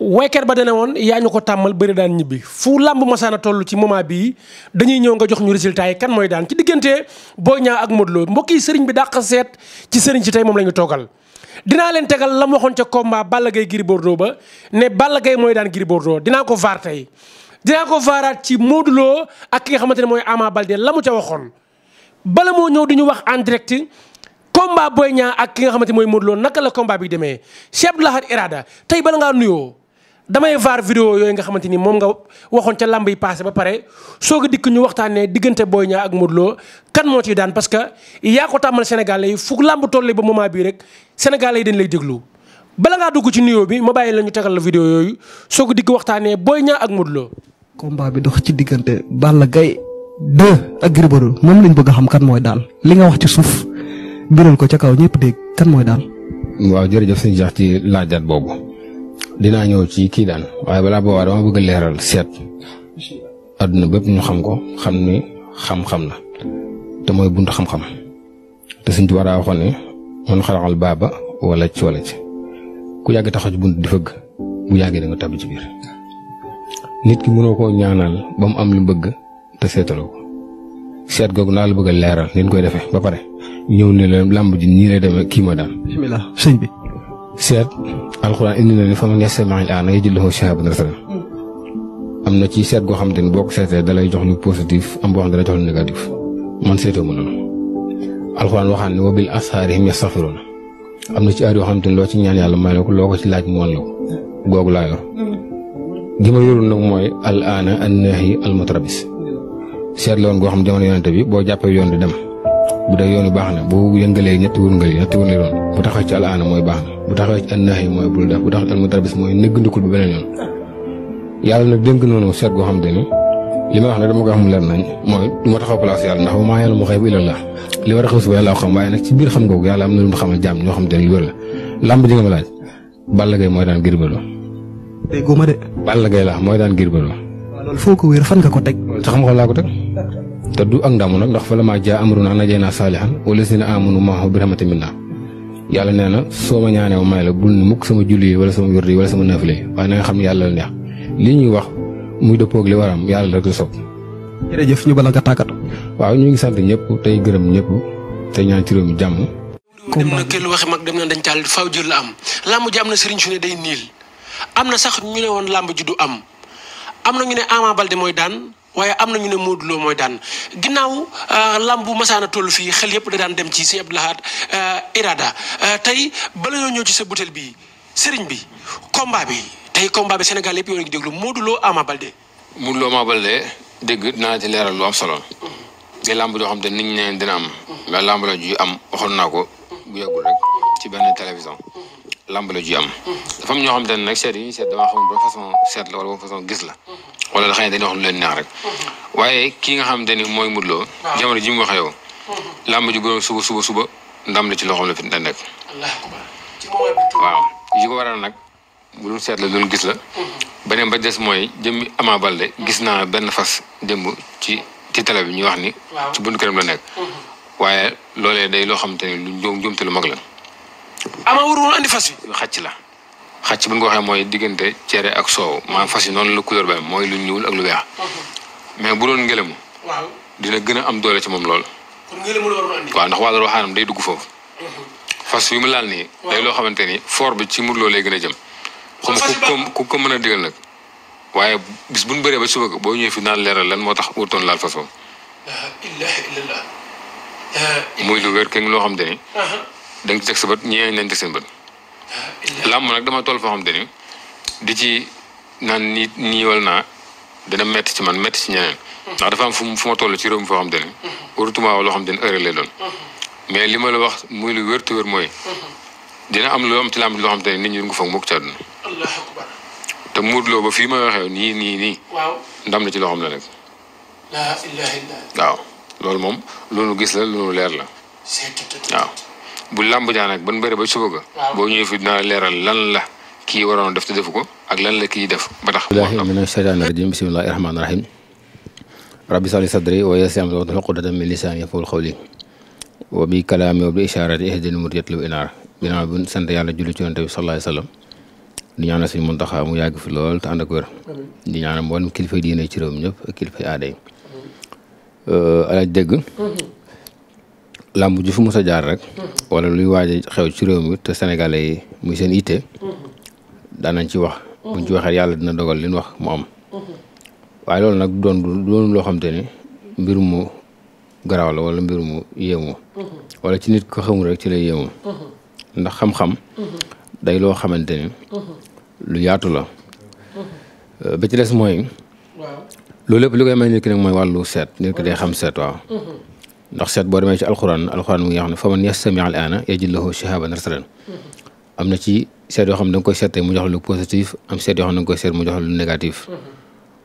waykat ba dana woon yaa ñu ko tàmmal bari daan ñibbi fu làmb masaana toll ci moment bii dañuy ñëw nga jox ñu résultat yi kan mooy daan ci diggante Boy Niang ak Modou Lo mbokk yi sëriñ bi dàq seet ci sëriñ si tey moom la ñu toogal. dinaa leen tegal lam waxoon ca combat ball gay Gris Bordeaux ba ne ball gay mooy daan Gris Bordeaux dinaa ko vaar tey dinaa ko vaaraat ci Modou ak ki nga xamante ne mooy Ama Baldé la mu ca waxoon. bala moo ñëw di ñu wax en direct combat Boy Niang ak ki nga xamante mooy Modou naka la combat bi demee Cheikh Abdou Lahad Irada tey bala ngaa nuyoo. damay vaar vidéo yooyu nga xamante ni moom nga waxoon ca làmb yi passé ba pare soog a dikk ñu waxtaanee diggante Boy Niang ak Modou kan moo ciy daan parce que yaa ko tàmmal Sénégalais yi fukk làmb ba moment bii rek Sénégalais yi dañ lay déglu. bala ngaa dugg ci nuyoo bi ma bàyyi la ñu tegal la vidéo yooyu soog a dikk waxtaanee Boy Niang ak Modou Lo. bi dox ci diggante Balla Gaye 2 ak Gris moom lañ bëgg a xam kan mooy daan li nga wax ci suuf biral ko ca kaw ñëpp dégg kan mooy daan. waaw jërëjëf sëñ Cheikh ci laajaat boobu. dinaa ñëw ci kii daan waaye balaa boobaa dama bëgg leeral seet adduna bépp ñu xam ko xam ni xam-xam na te mooy buntu xam-xam te suñ tubaab daa waxoon ne man xaraxal baaba wala ci wala ci ku yàgg taxaw ci buntu di fëgg bu yàggee da nga tàbbi ci biir nit ki mënoo koo ñaanal ba mu am lu bëgg te seetaloo ko seet googu naa la bëgg leeral ni koy defee ba pare ñëw ne leen làmb ji nii lay demee kii ma daan. bismillah sëñ bi. seet alxuraan indi na ni fa man yastamil aana yajidlahu shihaban rasada am na ci seet goo xam te ni boo ko seetee dalay jox lu positif am boo xam ne dalay jox lu négatif man seetoo ma noonu alxuraan waxaan ne wa bil ashaari hum yastaghfiruun am na ci aar yoo ni loo ci ñaan yàlla may loo ko ci laaj mu wan la googu laa yor gi ma nag mooy al aana an naahi al mutarabis seet la woon goo xam jamono yonente bi boo jàppee yoon di dem bu dee yoon baax na boo yëngalee ñetti wërngal yi ñetti wërngal yoon bu taxaw ci alaana mooy baax na bu taxaw ci annaax yi mooy bul def bu taxaw ci almudarabis mooy nëggandikul bi beneen yoon yàlla nag dénk noonu seet goo xam te ni li ma wax nag dama ko xam leer nañ mooy du ma taxaw place yàlla ndax ba maa yàlla mu xëy bu ilalla li war a xew suba yàlla ko xam waaye nag ci biir xam googu yàlla am na lu mu xamal jàmm ñoo xam te ne lu wér la làmb ji nga ma laaj Balla Gaye mooy daan Gris mooy daan Gris Bordeaux loolu foo ko wér fan ko teg tax ma xam laa ko teg te du ak ndamu nag ndax fa la maa jaa amruna najjaynaa saalihan wallazina aamanu maahu bi rahmatin minna yàlla nee na soo ma ñaanee may la bul ni mukk sama julli wala sama wirdi wala sama naafile waaye na xam ne yàlla la neex li ñuy wax muy dëppoog li waram yàlla rek la sopp jërëjëf ñu bala nga tàggatoo. waaw ñu ngi sant ñëpp tey gërëm ñëpp tey ñaan ci réew mi jàmm. dem na kenn waxi mag dem na dañ caal faaw jël la am làmb ji am na sëriñ su ne day niil am na sax ñu ne woon làmb ji waaye am na ñu ne Modou mooy daan ginnaaw euh, lamb bu masaana toll fii xel yëpp da daan dem ci si Abdou Lahad euh, Irada euh, tey bala ñëw ci sa butéel bi sëriñ bi combat bi tey combat bi Sénégal yëpp yoon ngi déglu Modou Lo Ama Baldé. Modou Lo Ama Baldé dégg naa ci leeral lu am solo. di lamb doo xam te nit ñi ne dina am. la lamb la ju am waxoon naa ko. bu rek ci benn télévision. lamb la ju am. dafa am ñoo xamante ne nag seet yi ñu seet damaa xam ba façon seet la wala ba façon gis la. wala dafa ne dañuy wax lu leen neex rek. waaye kii nga xamante ni mooy Modou Lo. jamono ji mu wax yow. Mhm. lamb ju boroom suba suba suba ndam la ci loxoom la fi da nekk. waaw yi ko waral nag bu seet la loolu gis la. Mhm. ba des mooy jëmmi Ama Baldé mhm. gis naa benn fas démb ci ci télé bi ñuy wax ni. ci buntu këram la nekk. waaye loolee day loo xam xamante ni lu njóom njóomte lu mag la. ama warul woon fas wi. xàcc la xàcc bu ñu ko waxee mooy diggante cere ak soow maanaam fas yi noonu la couleur ba mooy lu ñuul ak lu weex. Mhm. mais bu doon ngelamu. dina gën a am doole ci moom lool. kon ndax wàllu waxaanam day dugg foofu. Mhm. fas yu mu laal nii. day loo xamante ni fort bi ci murloo lay a jëm. xam ko mën a digal nag. waaye bis bu ñu bëree ba suba boo ñëwee fi naan leeral lan moo tax wutoon laal fas moom. muy lu wér kenn loo xamante ni. Uh-huh. da nga sa bët ñee nañ teg seen bët. làmb nag dama toll foo xam te ni di ci naan nii nii wala naa dina ci man métti ci ñeneen. ndax dafa am fu toll ci réew foo xam te ni. warutuma mais li ma la wax muy lu wér te wér am loo ci làmb loo xam te ni nit ñi te Modou Lo ba fii ma waxee nii nii nii. waaw ndam la ci loo xam ne rek. la waaw loolu moom lu nu gis la lu nu leer la. waaw. bu làmb jaa ba ban bëri ba suba ga. boo ñëwee fi dinaa leeral lan la kii waroon def te defu ko ak lan la kii def ba tax. billahi mina shaytaani rajim bismillahi rahmaani rahim rabbi sali sadri wa yassir amri wahlul uqdatan min lisani yafqahu qawli wa bi kalaami wa bi isharati sant yàlla julli ci yonent bi sallallahu alayhi wa sallam yàgg fi lool te ànd ak wér di kilifa diine ci réew mi ñëpp ak kilifa aada yi euh, alaaj dëgg mm-hmm. làmb ji fu mos a jaar rek. wala luy waaj a xew ci réew mi te sénégalais yi muy seen ite daanañ ci wax. buñ ci waxee yàlla dina dogal li wax mu am. waaye loolu nag doon doon loo xam te ne mbir mu garaaw la wala mbir mu yéemu. wala ci nit ko xamul rek ci lay yéemu. ndax xam-xam. day loo xamante ni. lu yaatu la. ba ci des mooy. loolu lépp li koy may nit ki nag mooy wàllu seet nit ki day xam seet waaw. ndax seet boo demee ci alxuraan alxuraan mu ngi xam ne fa man yastami al aana yajid lahu shihaban rasadan am na ci seet yoo xam ne da nga koy seet tey mu jox la lu positif am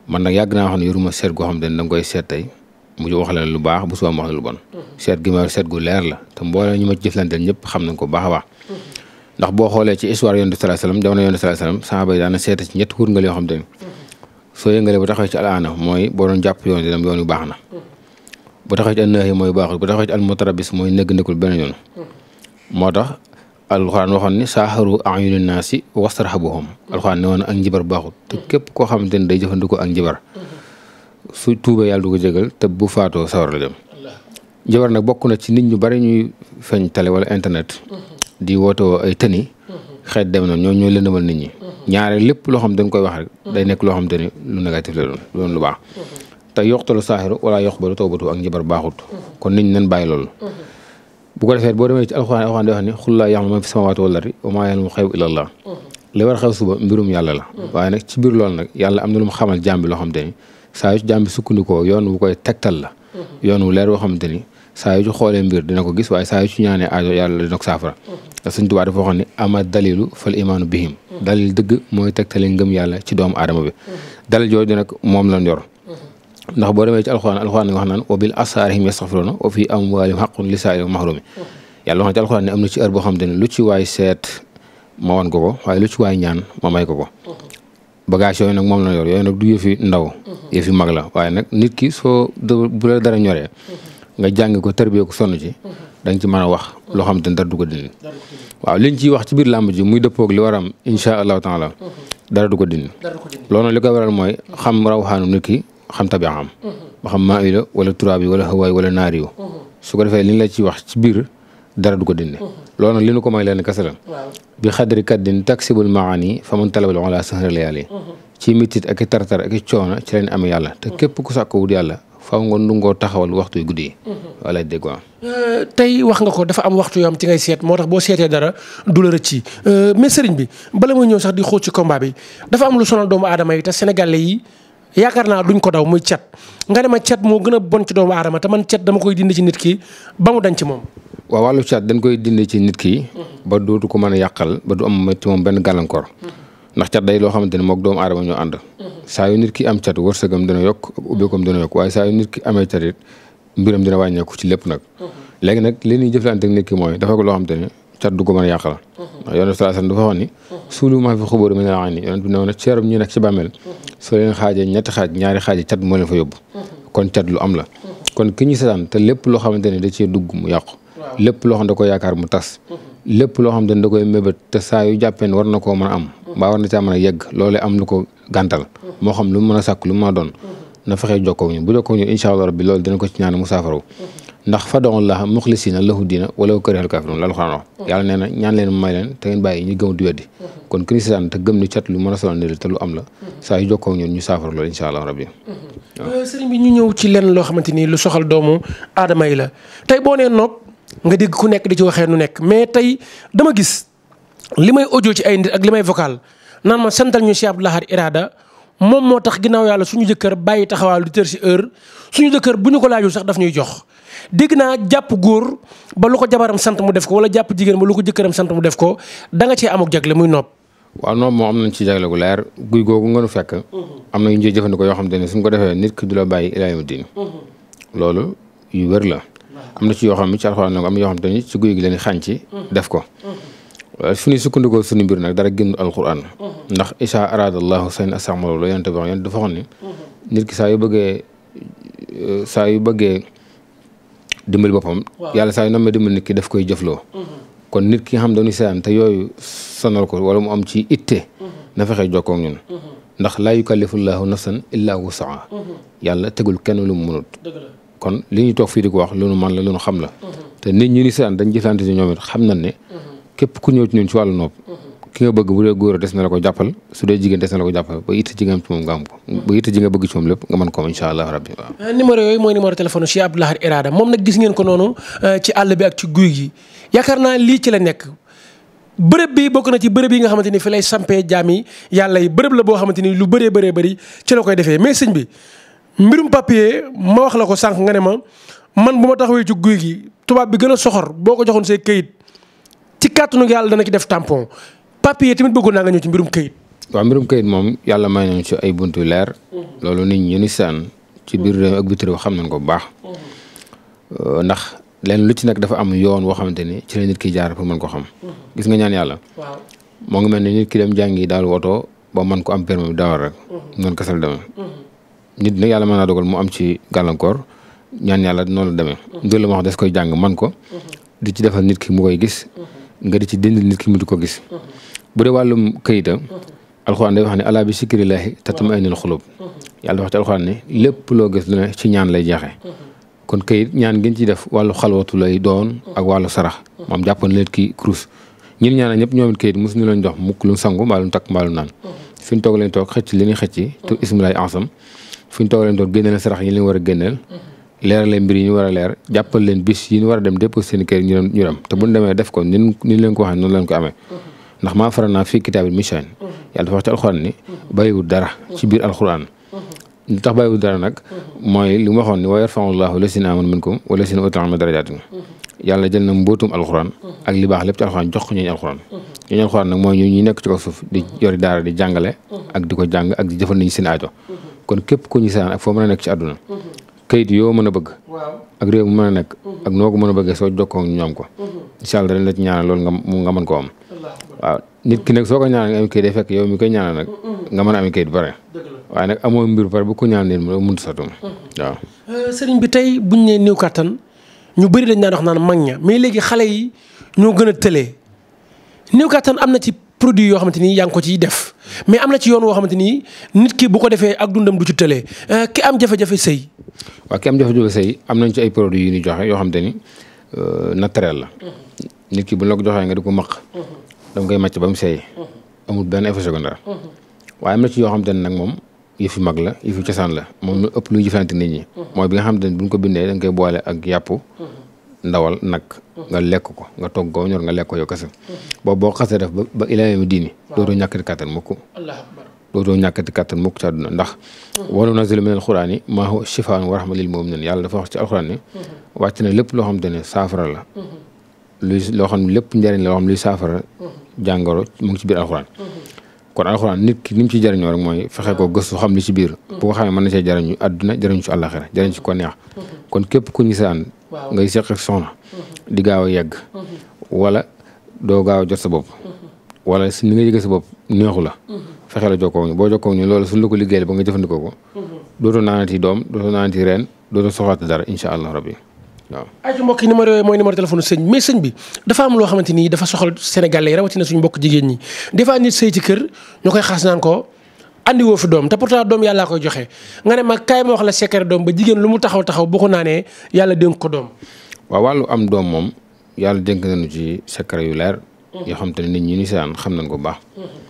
man nag yàgg naa wax ne yoruma seet goo xam ne da koy seet tey mu wax la lu baax bu suba mu wax la lu bon seet gi seet gu leer la te mboolem ñu ma ci jëflanteel xam nañ ko baax a baax ndax boo xoolee ci histoire yonent bi sallallahu alayhi wasallam jamono ba taxaw na bu taxaw ci annaahi mooy baaxul bu taxaw ci almutarabis mooy nëgg-nëggul benn yoon moo tax alxuraan waxoon ni saaxaru ayuni naasi wastarhabuhum alxuraan ne woon ak njibar baaxul képp koo xamante ni day jëfandikoo ak njibar su tuubee yàlla du ko jégal te bu faatoo sawar la dem njibar nag bokk na ci nit ñu bari ñuy feeñ tale wala internet di wootewoo ay tëni xeet dem na ñoo ñooy lëndëmal nit ñi ñaare lépp loo xam dañ koy wax rek day nekk loo xam te ni lu négatif la doon lu baax te yoxtalu saaxiru wala yoxbalu tawbatu ak njabar baaxut kon nit ñi nañ bàyyi loolu bu ko defee boo demee ci alxuraan alxuraan di wax ni xul laa ya'lamu man fi samaawaati wal wa maa ya'lamu xayb li war xew suba mbirum yàlla la waaye nag ci biir loolu nag yàlla am na lu mu xamal jaam bi loo xam te ni saa yu ci jaam yoon wu koy tegtal la yoon wu leer woo xam ni saa yu ci xoolee mbir dina ko gis waaye saa yu ci ñaanee aajo yàlla dina ko saafara suñ tubaa dafa waxoon ne ama dalilu fal imaanu mm-hmm. dëgg mooy tegtale ngëm yàlla ci doomu aadama bi mm-hmm. dalil jooju nag moom la yor ndax boo demee ci alxuraan alxuraan nga wax naan wa bil asaarihim yastaxfiruuna wa fi amwaalihim xaqun li saa'ili wa maxrumi yàlla wax na ci alxuraan ne am na ci heure boo xam te ne lu ci waay seet ma wan ko ko waaye lu ci waay ñaan ma may ko ko bagage yooyu nag moom la yor yooyu nag du yëfi ndaw yëfi mag la waaye nag nit ki soo bu la dara ñoree nga jàng ko tarbiyee ko sonn ci da ci mën a wax loo xam te ne dara du ko dindi waaw liñ ciy wax ci biir làmb ji muy dëppoog li waram insha allahu taala dara du ko din loolu nag li koy waral mooy xam raw xaanum nit ki xam tabiaam ba xam maa yi la wala turaab yi wala xawaay wala naar yi mhm. su ko defee li ñu la ci wax ci biir dara du ko dindi mhm. loolu nag li nu ko may leen kese la bi xadri kaddin taksibul maani fa man talabal wala sahra layaali mhm. ci mitit ak i tartar ak i coono ci lañ amee yàlla nga ndungoo taxawal waxtu yu guddi yi wala dégg euh, tey wax nga ko dafa am waxtu yoo ci ngay seet moo tax boo seetee dara du la rëcc euh, mais sëriñ bi bala ma ñëw sax di xóot ci combat bi dafa am lu sonal doomu aadama yi te sénégalais yi yaakaar naa duñ ko daw muy cat nga ne ma cat moo gën a bon ci doomu aadama te man cat dama koy dindi ci nit ki ba mu dañ ci moom. waaw wàllu cat dañ koy dindi ci nit ki. ba dootu ko mën a yàqal ba du am ci moom benn gàllankoor. ndax cat day loo xamante ne moog doomu aadama ñu ànd. saa yu nit ki am cat wërsëgam dina yokk ubbeekoom dina yokk waaye saa yu nit ki amee cat it mbiram dina wàññeeku ci lépp nag. Mhm. léegi nag li ñuy jëflante ak nit ki mooy dafa ko loo xamante ne cat du ko mën a yàqal. yoon bi sallallahu alayhi wasallam dafa ni. suulu maa fi xubóor mi ne laa ni yoon bi nee na ceeram ñu nekk ci soo leen xaajee ñetti xaaj ñaari xaaj cat moo leen fa yóbbu. kon cat lu am la. kon ki ñu seetaan te lépp loo xamante ne da cee dugg mu yàqu. lépp loo xam da ko yaakaar mu tas. lépp loo xam ne da koy mébét te saa yu jàppee war na koo mën a am. mbaa war na caa mën a yegg loolee am lu ko gàntal. moo xam lu mu mën a sàkk lu mu mën a doon. na fexe jokkoo ñu bu jokkoo ñu incha allah bi loolu dina ko ci ñaan mu ndax fa doon la muxlisina lahu diina wala karihal kaafiruun la alxuraan wax mm. yàlla nee na ñaan leen may leen te ngeen bàyyi ñu gëm di weddi mm-hmm. kon christian te gëm ni cat lu mën a sonal ni lu am la mm-hmm. saa yu jokkoo ñu saafara loolu incha allah rabbi mm-hmm. euh, sëriñ ñu ñëw ci lenn loo xamante ni lu soxal doomu aadama yi la tey boo nee nopp nga dégg ku nekk di ci waxee nu nekk mais tey dama gis li may ojo ci ay nit ak li may vocal naan ma santal ñu Cheikh Abdou Lahad Irada moom moo tax ginnaaw yàlla suñu jëkkër bàyyi taxawaalu di tër si heure suñu bu ñu ko laajul sax daf ñuy jox dégg naa jàpp góor ba lu ko jabaram sant mu def ko wala jàpp jigéen ba lu ko jëkkëram sant mu def ko da nga cee amuk jagle muy nopp. waaw noonu moom am nañ ci jagle gu leer guy googu nga nu fekk. Mm-hmm. am na ñu ñuy jëfandikoo yoo xam te ne suñ ko defee nit ki du la bàyyi ilaa yawmi mm-hmm. yu wér la. am na ci yoo xam ne na yoo xam ne ci guy gi leen xànc mm-hmm. def ko. fi ñuy sukkandikoo suñu mbir nag dara génn alxuraan. ndax isa arada allahu sayn astaxmalo la yonent bi wax yonent dafa waxoon ni. nit ki saa yu bëggee saa yu bëggee dimbali boppam. yàlla saa yu nam ma dimbali nit ki daf koy jëfloo. Mm-hmm. kon nit ki nga xam dañuy seetaan te yooyu sonal ko wala mu am ci itte. Mm-hmm. na fexe jokkoo ak ñun. Mm-hmm. ndax laa yukallifullahu nafsan illa wusaa yàlla tegul kenn lu mu mënut. kon li ñuy toog fii di ko wax lu nu man la lu nu xam la. te nit ñi ni seetaan dañ jëflante si ñoom it xam nañ ne. képp ku ñëw ci ñun ci wàllu nopp. ki nga bëgg bu dee góor des na la ko jàppal su dee jigéen des na la ko jàppal ba itte ji nga am ci moom nga am ko ba itte ji nga bëgg ci moom lépp nga mën ko am incha allah rabbi waaw euh, numéro yooyu mooy numéro téléphone Cheikh Abdou Lahad Irada moom nag gis ngeen ko noonu euh, ci àll bi ak ci guy gi yaakaar naa lii ci la nekk bërëb bi bokk na ci bërëb yi nga xamante ni fi lay sampee jaam yi yàlla yi bërëb la boo xamante ni lu bëree bëree bëri ci la koy defee mais sëñ bi mbirum papier ma wax la ko sànq nga ne ma man bu ma ci guy gi tubaab bi gën a soxor boo ko joxoon say këyit ci kàttanu yàlla dana ci def tampon papier tamit bëggoon naa nga ñëw ci mbirum këyit. waaw mbirum këyit moom yàlla may nañu ci ay buntu leer. loolu nit ñu ñu saan ci biir réew ak bitim réew xam nañ ko bu baax. Euh, ndax leen lu ci nekk dafa am yoon woo xamante ni ci nit ki jaar pour mën ko xam. gis nga ñaan yàlla. moo ngi mel ni nit ki dem jàngi daal woto ba mën ko am permis bi rek. Mhm. noonu kese la demee. Mhm. nit nag yàlla mën naa dogal mu am ci gàllankoor ñaan yàlla noonu la demee. Mhm. loolu la ma wax des koy jàng man ko. di ci defal nit ki mu koy gis. nga di ci dindil nit ki mu di ko gis. bu dee wàllum këyita alxuraan day wax ne alaa bi sikirillaahi tatma'innul xulub yàlla wax ci alxuraan ne lépp loo gis lu ne ci ñaan lay jeexe kon këyit ñaan ngeen ci def wàllu xalwatu lay doon ak wàllu sarax moom jàppoon leen ki kurus ñun ñaanal ñëpp ñoom it mu mos ñu leen jox mukk lu sangu mbaalum takk mbaalum naan fi ñu toog leen toog xëcc li ñuy xëcc tu ismilaay ansam fi ñu toog leen toog génneel sarax yi leen war a génneel leeral leen mbir yi ñu war a leer jàppal leen bis yi ñu war a dem seen kër ñu ñu dem te buñ demee def ko ni ñu leen ko waxee noonu ko amee ndax maa faral naa fii kitaabil mission mhm. yàlla dafa wax ci alxuraan ni bàyyiwul dara mhm. ci biir alxuraan mhm. lu tax bàyyiwul dara nag mooy li mu waxoon ni wa yarfa'ullaahu lazina aamanu minkum wa lazina uutul ilma yàlla jël na mbootum alxuraan ak li baax lépp ci jox ko ñooñu alxuraan ñooñu alxuraan mooy ñu ñuy nekk ci kaw suuf di yori di jàngale ak di ko jàng ak di jëfal nañu seen kon képp ku ñu saan foo mën a nekk ci àdduna kayit yoo mën a bëgg ak réew mën a nekk noo ko mën a bëggee soo jokkoo ko incha allah dañ la ci ñaanal loolu nga mën koo am waaw nit ki nag soo ko ñaanal nga am kayit day fekk yow mi koy ñaanal nag nga mën a am kayit bare waaye nag amoo mbir bare bu ko ñaan nit mu mënut satum mhm. waaw euh, sëriñ bi tey buñ ne néew kàttan ñu bëri dañ daan wax naan mag ña mais léegi xale yi ñoo gën a tëlee néew kàttan am na ci produit yoo xamante ni yaa ngi ko ciy def mais am na ci yoon woo xamante ni nit ki bu ko defee ak dundam du ci tëlee euh, ki am jafe-jafe sëy waaw ki am jafe-jafe sëy am nañ ci ay produits yu ñu joxe yoo xamante ni euh, naturel la mhm. nit ki bu la joxee nga di ko maq mhm. dama koy màcc ba mu seey. amul benn effet secondaire. waaye am na ci yoo xamante ne nag moom yëfi mag la yëfi cosaan la moom lu ëpp luy jëfante nit ñi. mooy bi nga xamante ne bu ñu ko bindee da koy boole ak yàpp. ndawal nag. nga lekk ko nga togg ko ñor nga lekk ko yow kese. boobu boo xasee ba ba ilaa yawmi diini. waaw dootoo ñàkkati kàttan mukk. dootoo ñàkkati kàttan mukk ci àdduna ndax. wa nunazzilu minal qur'aani maa huwa shifaa'un wa rahmatun lil mu'miniin yàlla dafa wax ci alxuraan ni. wàcc na lépp loo ne saafara la. Uhuh. luy loo xam ne lépp njëriñ la loo xam ne luy saafara jàngoro mu ci biir alxuraan. kon alxuraan nit ki ni mu ciy jëriñoo rek mooy fexe ko ah. gëstu xam li ci biir. Mm. bu ko xamee mën na cee jëriñu àdduna jëriñu ci àllaxira jëriñ ci ko neex. Mm-hmm. kon képp ku ñu saan. ngay seq ak soxna. Mm-hmm. di gaaw a yegg. Mm-hmm. wala doo gaaw a jot sa bopp. wala si ni nga yëgee sa bopp neexu la. fexe la jokkoo ñu boo jokkoo ñu loolu suñu la ko liggéeyal ba nga jëfandikoo ko. dootoo naanati doom dootoo naanati reen dootoo soxlaati dara incha allah rabbi waaw ayca mbokk yi numéro yooyu mooy numéro téléphone sëñ mais sëñ bi dafa am loo xamante ni dafa soxal Sénégalais yi rawatina suñu mbokk jigéen ñi des fois nit sëy ci kër ñu koy xaas naan ko andi woo fi doom te pourtant doom yàllaa koy joxe nga ne ma kaay ma wax la secret doom ba jigéen lu mu taxaw taxaw boo ko naanee yàlla dénk ko doom. waaw wàllu am doom moom yàlla dénk nañu ci secret yu leer. Mm-hmm. yoo xam te ne nit ñi ni si daan xam nañ ko baax. Mm-hmm.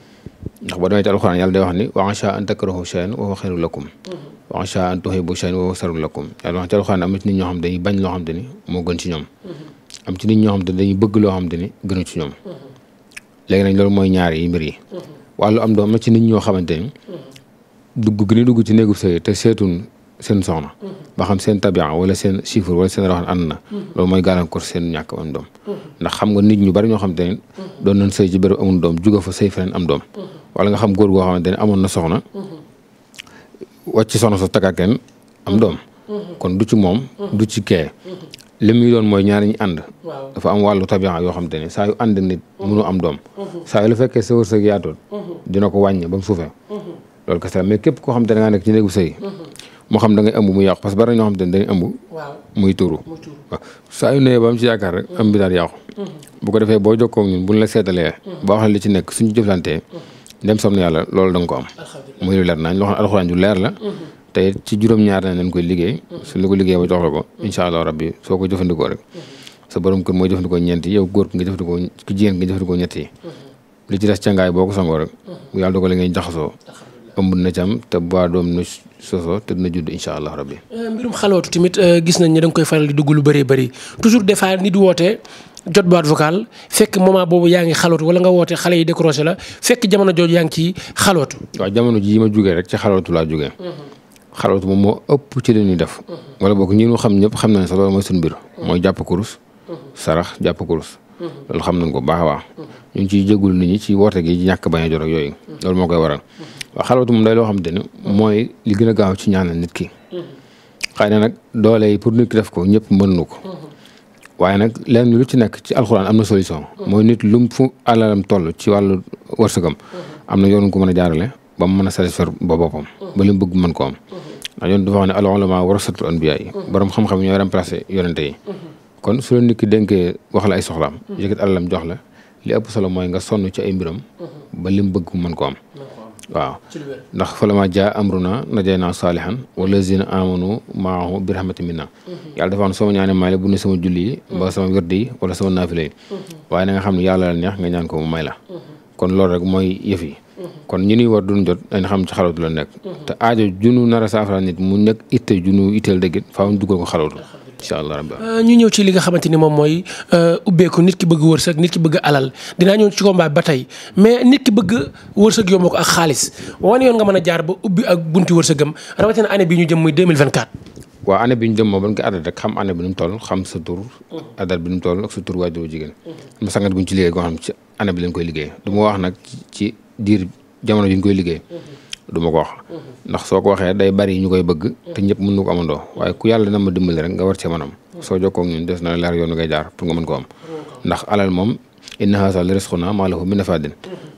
ndax ba demee ci alxuraan yàlla day wax ni wa ansha an takrahu shay'an wa huwa khayrun lakum mm-hmm. wa ansha an am na ci nit ñoo xam bañ loo xam te ni moo gën ci ñoom mm-hmm. am ci nit ñoo xam te bëgg loo xam te ni gënu ci ñoom mm-hmm. léegi nag loolu mooy ñaar yi yi wàllu am doom ci nit ñoo xamante ni dugg gi ni dugg ci néegu sëy te seetun seen soxna ba xam seen tabian wala seen chiffre wala seen raxan ànd na loolu mooy gàllankoor seen ñàkk am doom ndax xam nga nit ñu bari ñoo xam te ne doon na sëy ci béréb amul doom juga a sëy feneen am doom wala nga xam góor goo xamante ne amoon na soxna. wàcc ci soxna sa takka kenn am doom. kon du ci moom. du ci kee. li muy doon mooy ñaari ñu ànd. dafa am wàllu tabian yoo xamante ne saa yu ànd nit mënu am doom. saa yu la fekkee sa wërsëg yaatoon. dina ko wàññi ba mu suufee. loolu kese képp koo xamante ne da ngaa nekk ci néegu sëy. moo xam da ngay ëmb mu yàqu parce que bari ñoo xamante ne dañuy ëmb. muy turu. waaw saa yu nee ba am ci yaakaar rek ëmb bi daal yàqu. Uhuh. ko defee boo jokkoo ñun la seetalee. Uhuh. ba wax li ci nekk suñ jëflantee. dem sam yàlla loolu da nga ko am muy lu leer naañ loo xam ne alxuraan ju leer la te ci juróom-ñaar na leen koy liggéey su la ko liggéey ba jox la ko incha allah rabbi soo ko jëfandikoo rek sa borom ko mooy jëfandikoo ñeent yow góor ki nga jëfandikoo ki jigéen nga jëfandikoo ñett yi ci des cangaay boo ko sangoo rek bu yàlla dogalee ngay jaxasoo ëmb na ci te baa doom na soso te dina judd incha allah rabbi mbirum xalootu tamit gis nañ ne da koy faral di dugg lu bëree bëri jot boîte vocale fekk moment boobu yaa ngi xalootu wala nga woote xale yi décroché la fekk jamono jooju yaa ngi ciy xalootu. waa jamono jii ma jugee rek ci xalootu laa jugee. Mhm. xalootu moom moo ëpp ci leen ñuy def. Mhm. wala boog ñi ñu xam ñëpp xam na ne sax loolu mooy suñu mbir. Mhm. mooy jàpp kurus. sarax jàpp kurus. loolu xam nañ ko baax a baax. ñu ngi ciy jégul nit ñi ci woote gi ñàkk bañ a jot yooyu. loolu moo koy waral. waaw xalootu moom day loo xamante ne mooy li gën a gaaw ci ñaanal nit ki. xëy na nag doole yi pour nit def ko ñëpp mën na ko waaye nag lenn lu ci nekk ci alxuraan am na solution. mooy nit lum fu alalam toll ci wàllu wërsëgam. am na yoon ko mën a jaarale ba mu mën a satisfaire ba boppam. ba li mu bëgg mën ko am. ndax yoon dafa wax ne al ulama warasatul anbiya yi. borom xam-xam ñooy remplacé yonente yi. kon su la nit ki dénkee wax la ay soxlaam. yëkkat alalam jox la li ëpp solo mooy nga sonn ci ay mbiram. ba li mu bëgg mën ko am. waaw ndax fa la ma jaa amruna najay naa saalihan walazina amanu maahu bi rahmati minna mhm. yàlla dafa am soo ma ñaanee maay la bu nu sama julli yi mbaa mhm. sama wérdi yi wala sama naafila yi mhm. waaye na nga xam ne yàlla la neex nga ñaan ko mu may la kon loolu rek mooy yëf kon ñu nuy war duñ jot dañ xam ci xalawtu la nekk te aajo junu nar a saafara nit mu nekk itte junu itteel dëggit faaw ñu dugal ko xalawtu incha allah rabbi euh, ñu ñëw ci li nga xamante ni moom mooy euh, ubbeeku nit ki bëgg wërsëg nit ki bëgg alal dinaa ñëw ci combat ba tey mais nit ki bëgg wërsëg yomb ak xaalis wan yoon nga mën a jaar ba ubbi ak bunti wërsëgam rawatina année bi ñu jëm muy 2024. ñu jëm moom ba ñu koy adat rek xam année bi nu mu toll xam sa tur. adat bi nu mu toll ak sa tur waajur jigéen. am sangat bu ñu ci liggéey wax nag ci diir jamono bi koy liggéey. duma ko wax ndax soo ko waxee day bari ñu koy bëgg te ñëpp mën nu ko amandoo waaye ku yàlla na ma dimbali rek nga war cee mën am soo jokkoo ak ñun des na leer yoonu ngay jaar pour nga mën ko am ndax alal moom inna haasa la risquna maa lahu min nafaadin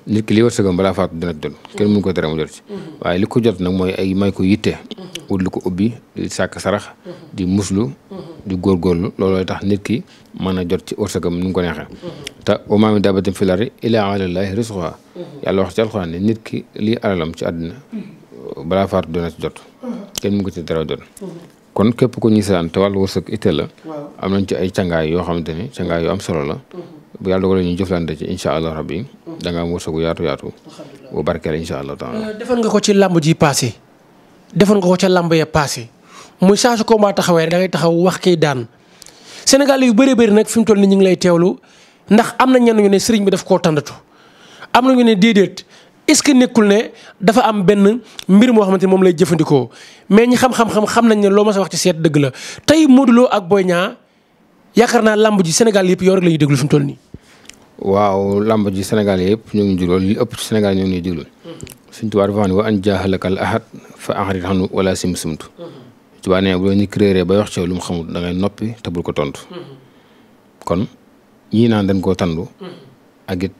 nit ki li war sëgam balaa faatu dina jot kenn mënu ko tere mu jot ci waaye li ko jot nag mooy ay may ko yitte wut lu ko ubbi di sàkk sarax di muslu di góorgóorlu loolooy tax nit ki man a jot ci wërsëgam nu mu ko neexee te umaami dabatin fil ardi illaa alallaahi rizquhaa yàlla wax ci alxuraan ne nit ki lii ko ci ko ñuy seetaan te wàllu wërsëg itteel la am nañ ci ay cangaay yoo xamante ne yu am solo la bu yàlla dogalee ñu jëflante ci incha allah da nga am wërsëgu yaatu yaatu bu barkeel incha allah taala euh, defoon nga ko ci làmb ji passé defoon nga ko ca làmb ya passé muy saa su combat taxawee da ngay taxaw wax kiy daan Sénégal yu bëree bëri nag fi mu toll ni ñu ngi lay teewlu ndax am na ñenn ñu ne sëriñ bi daf koo tàndatu am na ñu ne déedéet est-ce que nekkul ne dafa am benn mbir moo xamante ne moom lay jëfandikoo mais ñi xam-xam-xam xam nañ ne loo ma wax ci seet dëgg la tey Modou Lo ak Boy ñaa yaakaar naa lamb ji Sénégal yëpp yow rek la ñuy déglu fi mu toll nii. waaw lamb ji Sénégal yëpp ñoo ngi déglu li ëpp ci Sénégal ñoo ngi déglu. Mm-hmm. suñu tubaab dafa wax ne wa an jaaxalakal ahad fa ahrid sim Tuubaa nee bu la ñu créer bay lu mu xamul da noppi te bul ko tontu. kon ñii naan dañ koo tandu. ak it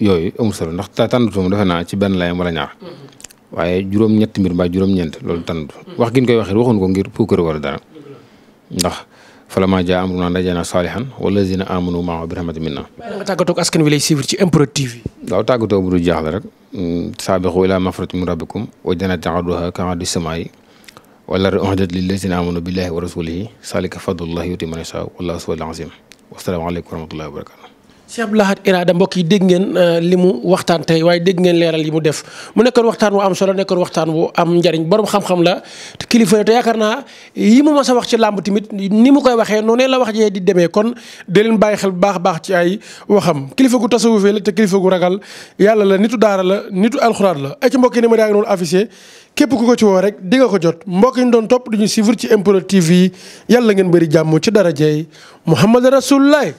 yooyu amul solo ndax tàndutu moom defe naa ci benn layam wala ñaar. waaye juróom-ñetti mbir mbaa juróom-ñeent loolu tandu. wax gi ñu koy waxee waxuñ ko ngir puukare wala dara. ndax falammaa jaa amrunaa najjaynaa saalihan wallaziina aamanuu ma'ahu bi rahmatin minnaa. nga tàggatoo ak askan wi lay suivre ci MPROD TV. waaw tàggatoo bu dul jaax la rek. Mm, saabiqu ilaa magfiratin min rabbikum wa jannatin 'arduhaa ka'ardi wala u'iddat lillazina amanu billahi wa rasulihi salika fadlullahi yuti man yashaa wallahu huwal azim wasalaamaaleykum wa rahmatullahi wa barakatu Cheikh Abdou Lahad Irada mbokk yi dégg ngeen euh, li mu waxtaan tey waaye dégg ngeen leeral yi mu def mu nekkoon waxtaan wu am solo nekkoon waxtaan wu am njariñ borom xam-xam la te kilifa la te yaakaar naa yi mu mas a wax ci làmb tamit ni mu koy waxee noonu la wax jee di demee kon da leen bàyyi xel bu baax baax ci ay waxam kilifa gu tasawufee la te kilifa gu ragal yàlla la nitu daara la nitu alxuraan la ay ci mbokk yi ne ma daa ngi noonu affiché képp ku ko ci wow rek di nga ko jot mbokk yi ñu doon topp du ñu suivre ci MPROD TV yàlla ngeen bëri jàmm ci daraja yi Muhammad Rasulullah